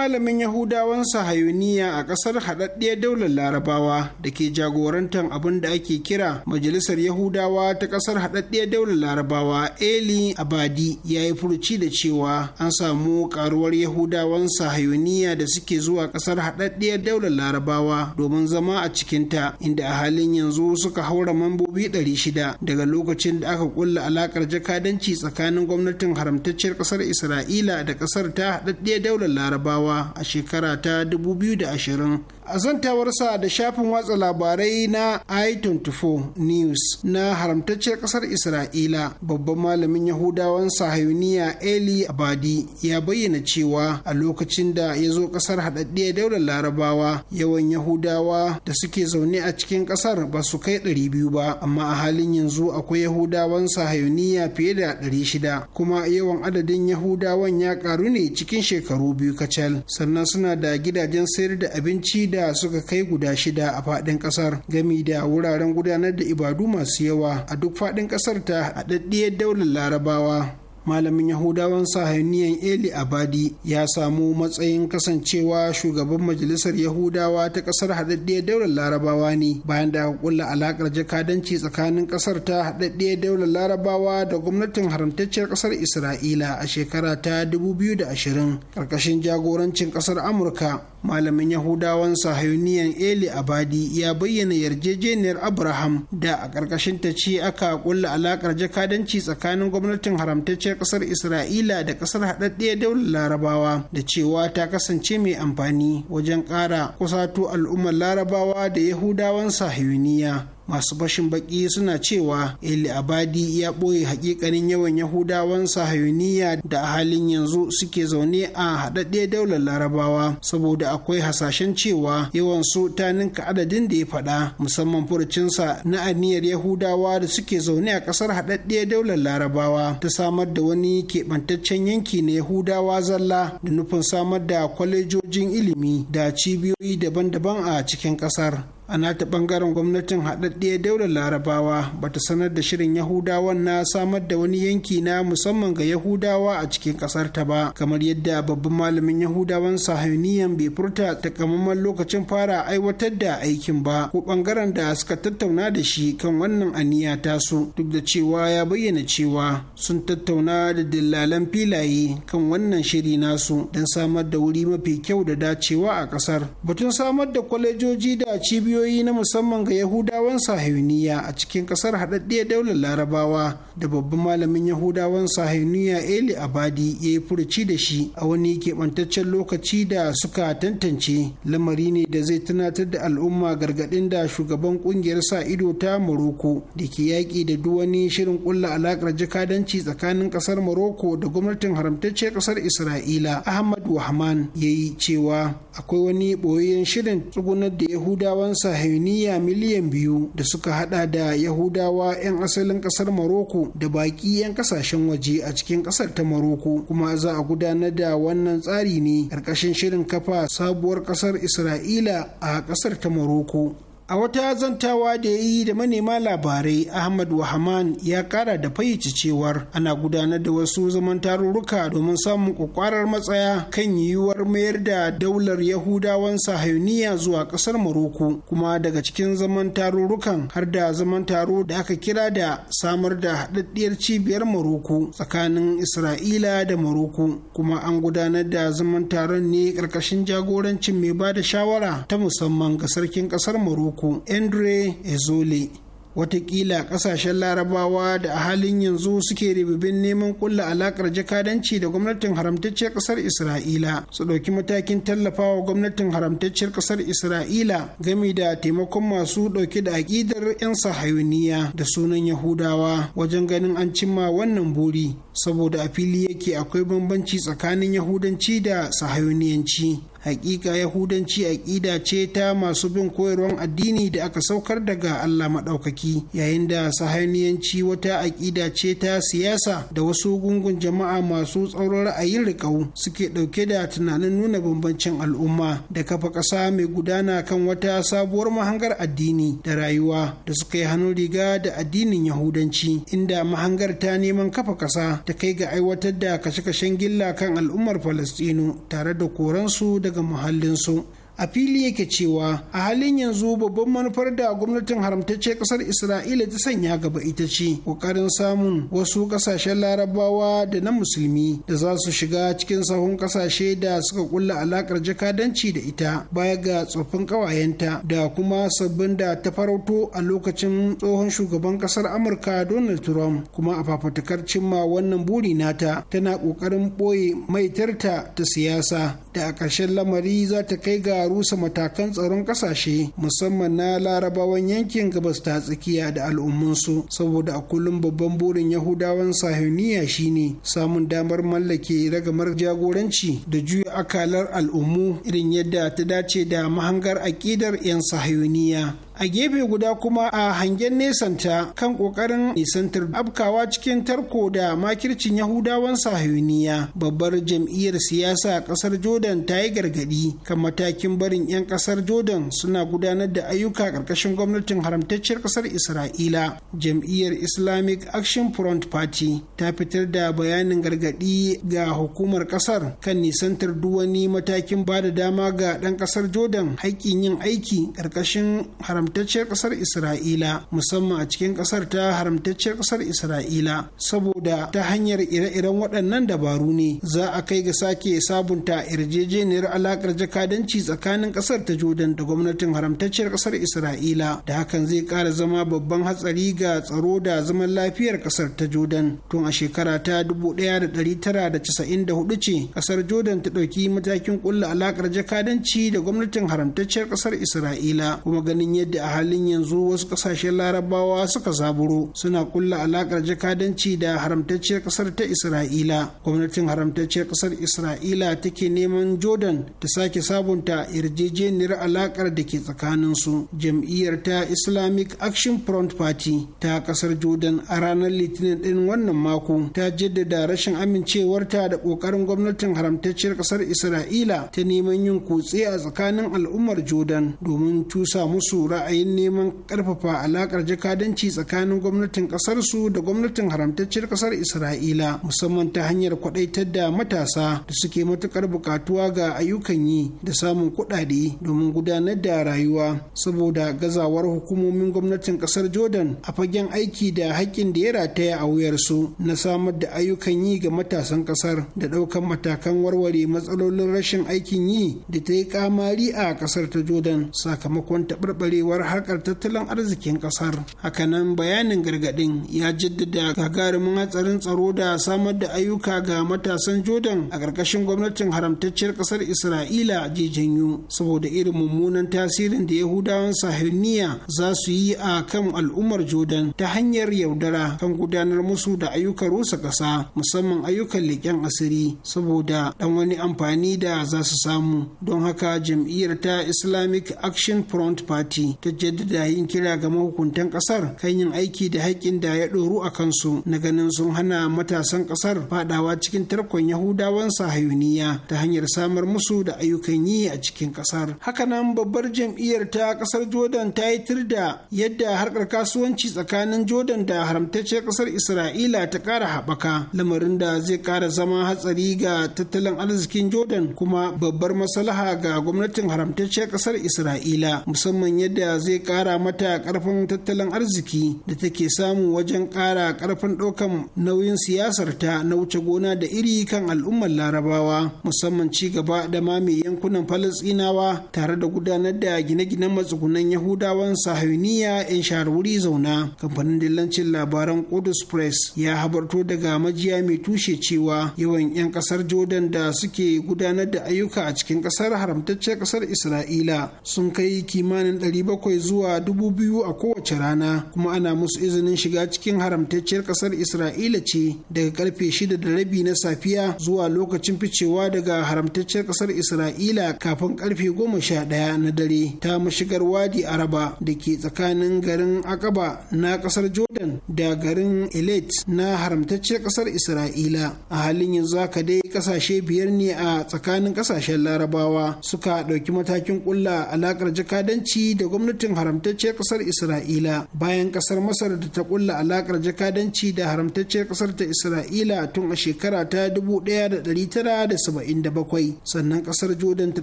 H: malamin yahudawan sahayuniya a ƙasar haɗaɗɗiyar daular larabawa da ke jagorantar abin da ake kira majalisar yahudawa ta ƙasar haɗaɗɗiyar daular larabawa eli abadi ya yi furuci da cewa an samu ƙaruwar yahudawan sahayoniya da suke zuwa ƙasar haɗaɗɗiyar daular larabawa domin zama a cikinta inda a halin yanzu suka haura mambobi 600 daga lokacin da aka kulla alaƙar jakadanci tsakanin gwamnatin haramtacciyar ƙasar isra'ila da ƙasar ta haɗaɗɗiyar daular larabawa rawa a shekara ta 2020 a zantawarsa da shafin watsa labarai na i24 news na haramtacciyar kasar isra'ila babban malamin yahudawan sahayuniya eli abadi ya bayyana cewa a lokacin da ya zo kasar haɗaɗɗiyar daular larabawa yawan yahudawa da suke zaune a cikin kasar ba su kai biyu ba amma a halin yanzu akwai yahudawan sahayuniya fiye da ɗari shida, kuma yawan adadin yahudawan ya karu ne cikin shekaru biyu kacal sannan suna da gidajen sayar da abinci da da suka kai guda shida a faɗin ƙasar gami da wuraren gudanar da ibadu masu yawa a duk faɗin ƙasar ta haɗaɗɗiyar daular larabawa malamin yahudawan sahaniyan eli abadi ya samu matsayin kasancewa shugaban majalisar yahudawa ta kasar haɗaɗɗiyar daular larabawa ne bayan da aka kulla alaƙar jakadanci tsakanin kasar ta haɗaɗɗiyar daular larabawa da gwamnatin haramtacciyar kasar isra'ila a shekara ta 2020 ƙarƙashin jagorancin kasar amurka malamin yahudawan sahayuniyan eli abadi ya bayyana yarjejeniyar abraham da a ƙarƙashin ta ce aka kulla alaƙar jakadanci tsakanin gwamnatin haramtacciyar ƙasar isra'ila da ƙasar haɗaɗɗiyar daular larabawa da cewa ta kasance mai amfani wajen ƙara kusato al'ummar larabawa da yahudawan sahayuniya masu bashin baki suna cewa eli abadi ya ɓoye hakikanin yawan yahudawan sahayuniya da a halin yanzu suke zaune a haɗaɗɗe daular larabawa saboda akwai hasashen cewa yawan su ta ninka adadin da ya faɗa musamman furucinsa na aniyar yahudawa da suke zaune a ƙasar haɗaɗɗe daular larabawa ta samar da wani keɓantaccen yanki na yahudawa zalla da nufin samar da kwalejojin ilimi da cibiyoyi daban-daban a cikin ƙasar a nata bangaren gwamnatin haɗaɗɗiyar daular larabawa ba ta sanar da shirin yahudawan na samar da wani yanki na musamman ga yahudawa a cikin ƙasar ta ba kamar yadda babban malamin yahudawan sahiniyan bai furta takamaiman lokacin fara aiwatar da aikin ba ko bangaren da suka tattauna da shi kan wannan aniya tasu duk da cewa ya bayyana cewa sun tattauna da dillalan filaye kan wannan shiri nasu don samar da wuri mafi kyau da dacewa a ƙasar batun samar da kwalejoji da cibiyoyi ƙungiyoyi na musamman ga yahudawan sahiyuniya a cikin ƙasar haɗaɗɗiyar daular larabawa da babban malamin yahudawan sahiyuniya eli abadi ya yi furuci da shi a wani keɓantaccen lokaci da suka tantance lamari ne da zai tunatar da al'umma gargaɗin da shugaban ƙungiyar sa ido ta morocco da ke yaƙi da duk wani shirin ƙulla alaƙar jakadanci tsakanin ƙasar morocco da gwamnatin haramtacciyar ƙasar isra'ila ahmad wahman ya yi cewa akwai wani ɓoyayyen shirin tsugunar da yahudawan sahiniya miliyan biyu da suka hada da yahudawa 'yan asalin kasar maroko da baki 'yan kasashen waje a cikin kasar ta maroko kuma za a gudanar da wannan tsari ne karkashin shirin kafa sabuwar kasar isra'ila a kasar ta maroko A wata zantawa da ya yi da manema labarai Ahmad Wahaman ya kara da fayyace cewar ana gudanar da wasu zaman tarurruka domin samun kwakwarar matsaya kan yiwuwar mayar da daular Yahudawan Sahayuniya zuwa kasar Maroko kuma daga cikin zaman tarurrukan har da zaman taro da aka kira da samar da haɗaɗɗiyar cibiyar Maroko tsakanin Isra'ila da Maroko kuma an gudanar da zaman taron ne ƙarƙashin jagorancin mai ba da shawara ta musamman ga sarkin ƙasar Maroko. uku andre ezole watakila kasashen larabawa da a halin yanzu suke ribibin neman kulla alakar jakadanci da gwamnatin haramtacciyar kasar isra'ila su ɗauki matakin tallafawa gwamnatin haramtacciyar kasar isra'ila game da taimakon masu ɗauke da aƙidar 'yan sahayuniya da sunan yahudawa wajen ganin an cimma wannan buri saboda a fili yake akwai bambanci tsakanin yahudanci da sahayoniyanci hakika yahudanci aƙida ce ta masu bin koyarwar addini da aka saukar daga Allah maɗaukaki yayin da sahaniyanci wata aƙida ce ta siyasa da wasu gungun jama'a masu tsauron ra'ayin riƙau suke ɗauke da tunanin nuna bambancin al'umma da kafa ƙasa mai gudana kan wata sabuwar mahangar addini da rayuwa da suka yi hannun riga da addinin yahudanci inda mahangar ta neman kafa ƙasa ta kai ga aiwatar da kashe-kashen gilla kan al'ummar falastinu tare da koransu daga muhallinsu a fili yake cewa a halin yanzu babban manufar da gwamnatin haramtacce kasar isra'ila ta sanya gaba ita ce kokarin samun wasu kasashen larabawa da na musulmi da za su shiga cikin sahun kasashe da suka kulla alakar jakadanci da ita baya ga tsoffin kawayenta da kuma sabbin da ta farauto a lokacin tsohon shugaban kasar amurka donald trump kuma a fafatakar cimma wannan buri nata tana kokarin boye maitarta ta siyasa da a ƙarshen lamari za ta kai ga rusa matakan tsaron kasashe musamman na larabawan yankin gabas ta tsakiya da al'ummansu saboda a kullum babban burin yahudawan sahiniya shine samun damar mallake ragamar jagoranci da juya akalar al'ummu irin yadda ta dace da mahangar aƙidar 'yan sahiyoniya a gefe guda kuma a hangen nesanta kan kokarin nisantar abkawa cikin tarko da makircin yahudawan sahiyuniya babbar jam'iyyar siyasa a kasar jordan ta yi gargadi kan matakin barin 'yan kasar jordan suna gudanar da ayyuka karkashin gwamnatin haramtacciyar kasar isra'ila jam'iyyar islamic action front party ta fitar da bayanin gargadi ga hukumar kasar kan nisantar duwani matakin ba da dama ga ɗan kasar jordan haƙƙin yin aiki karkashin haramtacciyar haramtacciyar ƙasar isra'ila musamman a cikin ƙasar ta haramtacciyar ƙasar isra'ila saboda ta hanyar ire-iren waɗannan dabaru ne za a kai ga sake sabunta yarjejeniyar alaƙar jakadanci tsakanin ƙasar ta jordan da gwamnatin haramtacciyar ƙasar isra'ila da hakan zai ƙara zama babban hatsari ga tsaro da zaman lafiyar ƙasar ta jordan tun a shekara ta 1994 ce ƙasar jordan ta ɗauki matakin ƙulla alaƙar jakadanci da gwamnatin haramtacciyar ƙasar isra'ila kuma ganin yadda yadda a halin yanzu wasu kasashen larabawa suka zaburo suna kulla alakar jakadanci da haramtacciyar kasar ta isra'ila gwamnatin haramtacciyar kasar isra'ila take neman jordan ta sake sabunta yarjejeniyar alakar da ke tsakanin su. jam'iyyar ta islamic action front party ta kasar jordan a ranar litinin ɗin wannan mako ta jaddada rashin amincewarta da ƙoƙarin gwamnatin haramtacciyar kasar isra'ila ta neman yin kutse a tsakanin al'ummar jordan domin tusa musu ra ra'ayin neman ƙarfafa alaƙar jakadanci tsakanin gwamnatin ƙasarsu da gwamnatin haramtaccen ƙasar isra'ila musamman ta hanyar kwadaitar da matasa da suke matukar buƙatuwa ga ayyukan yi da samun kuɗaɗe domin gudanar da rayuwa saboda gazawar hukumomin gwamnatin ƙasar jordan a fagen aiki da haƙƙin da ya rataya a wuyar su na samar da ayyukan yi ga matasan ƙasar da ɗaukan matakan warware matsalolin rashin aikin yi da ta yi kamari a ƙasar ta jordan sakamakon taɓarɓarewar durkushewar harkar tattalin arzikin kasar hakanan bayanin gargadin ya jaddada gagarumin hatsarin tsaro da samar da ayyuka ga matasan jordan a ƙarƙashin gwamnatin haramtacciyar ƙasar isra'ila je janyo saboda irin mummunan tasirin da yahudawan sahirniya za su yi a kan al'ummar jordan ta hanyar yaudara kan gudanar musu da ayyukan rusa ƙasa musamman ayyukan leƙen asiri saboda ɗan wani amfani da za su samu don haka jam'iyyar ta islamic action front party ta jaddada yin kira ga mahukuntan kasar kan yin aiki da haƙƙin da ya ɗoru a kansu na ganin sun hana matasan kasar fadawa cikin tarkon yahudawan sahayuniya ta hanyar samar musu da ayyukan yi a cikin kasar hakanan babbar jam'iyyar ta kasar jordan ta yi tir da yadda harkar kasuwanci tsakanin jordan da haramtacciyar kasar isra'ila ta ƙara haɓaka lamarin da zai ƙara zama hatsari ga tattalin arzikin jordan kuma babbar maslaha ga gwamnatin haramtacciyar kasar isra'ila musamman yadda zai kara mata karfin tattalin arziki da take samu wajen kara karfin ɗaukan nauyin siyasar ta na wuce gona da iri kan al'ummar larabawa musamman ci gaba da mame yankunan falasinawa tare da gudanar da gine-ginen matsugunan yahudawan sahiniya 'yan shahararwuri zauna kamfanin dillancin labaran kudus press ya habarto daga majiya mai tushe cewa yawan 'yan kasar jordan da suke gudanar da ayyuka a cikin kasar haramtacciyar kasar isra'ila sun kai kimanin 700 bakwai zuwa dubu biyu a kowace rana kuma ana musu izinin shiga cikin haramtacciyar ƙasar isra'ila ce daga karfe shida da rabi na safiya zuwa lokacin ficewa daga haramtacciyar ƙasar isra'ila kafin karfe goma sha ɗaya na dare ta mashigar wadi araba da ke tsakanin garin akaba na ƙasar jordan da garin elite na haramtacciyar ƙasar isra'ila a halin yanzu haka dai kasashe biyar ne a tsakanin kasashen larabawa suka dauki matakin ƙulla alaƙar jakadanci da gwamnati gwamnatin haramtacce kasar isra'ila bayan kasar masar da ta kulla alakar jakadanci da haramtacce kasar ta isra'ila tun a shekara ta 1977 sannan kasar jordan ta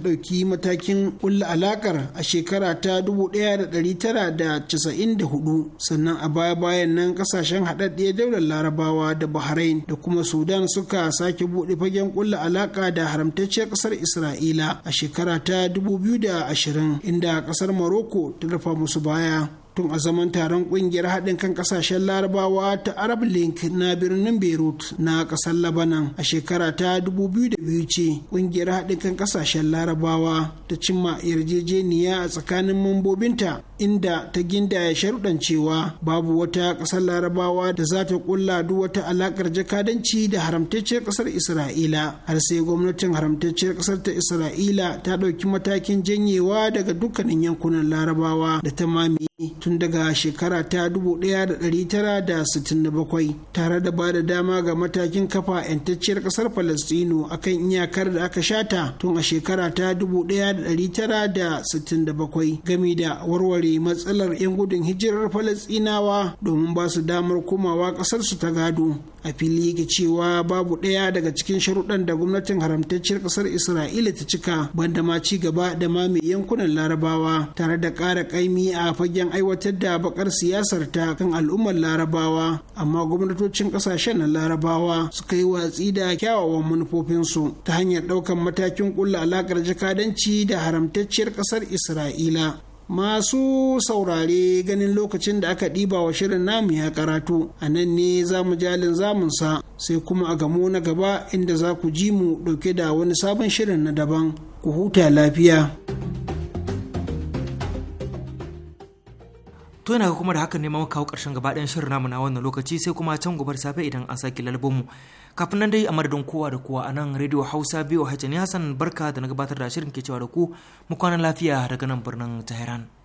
H: ɗauki matakin kulla alakar a shekara ta 1994 sannan a baya bayan nan kasashen haɗaɗɗiyar daular larabawa da bahrain da kuma sudan suka sake buɗe fagen kulla alaka da haramtacciyar kasar isra'ila a shekara ta 2020 inda kasar maroko. tallafa musu baya tun a zaman taron kungiyar haɗin kan ƙasashen larabawa ta arab link na birnin beirut na ƙasar labanan a shekara ta 2002 ce kungiyar haɗin kan ƙasashen larabawa ta cimma yarjejeniya a tsakanin mambobinta inda ta gindaya sharuɗan cewa babu wata ƙasar larabawa da za ta ƙulla duk wata alaƙar jakadanci da haramtacciyar ƙasar isra'ila har sai gwamnatin haramtacciyar ƙasar ta isra'ila ta ɗauki matakin janyewa daga dukkanin yankunan larabawa da ta mami tun daga shekara ta 1967 tare da ba da dama ga matakin kafa 'yantacciyar kasar palestino akan iyakar da aka shata tun a shekara ta 1967 gami da warware matsalar 'yan gudun hijirar palestinawa domin ba su damar komawa ƙasarsu ta gado. a fili yake cewa babu ɗaya daga cikin sharuɗan da gwamnatin haramtacciyar ƙasar isra'ila ta cika banda ma ci gaba da ma mai yankunan larabawa tare da ƙara ƙaimi a fagen aiwatar aiwatar da bakar siyasar ta kan al'ummar larabawa amma gwamnatocin kasashen na larabawa suka yi watsi da kyawawan manufofinsu ta hanyar ɗaukan matakin ƙulla alakar jakadanci da haramtacciyar ƙasar isra'ila masu saurare ganin lokacin da aka ɗiba wa shirin namu ya karatu a nan ne za mu jalin zamunsa sai kuma a gamo na gaba inda za ku ji mu ɗauke da wani sabon shirin na daban ku huta lafiya.
A: to yana kuma da hakan ne ma kawo karshen gaba ɗayan shirin namu na wannan lokaci sai kuma can gobar safe idan an sake lalbo mu kafin nan dai a madadin kowa da kowa a nan radio hausa biyu hajji ne hassan barka da na gabatar da shirin ke cewa da ku mu kwana lafiya daga nan birnin tehran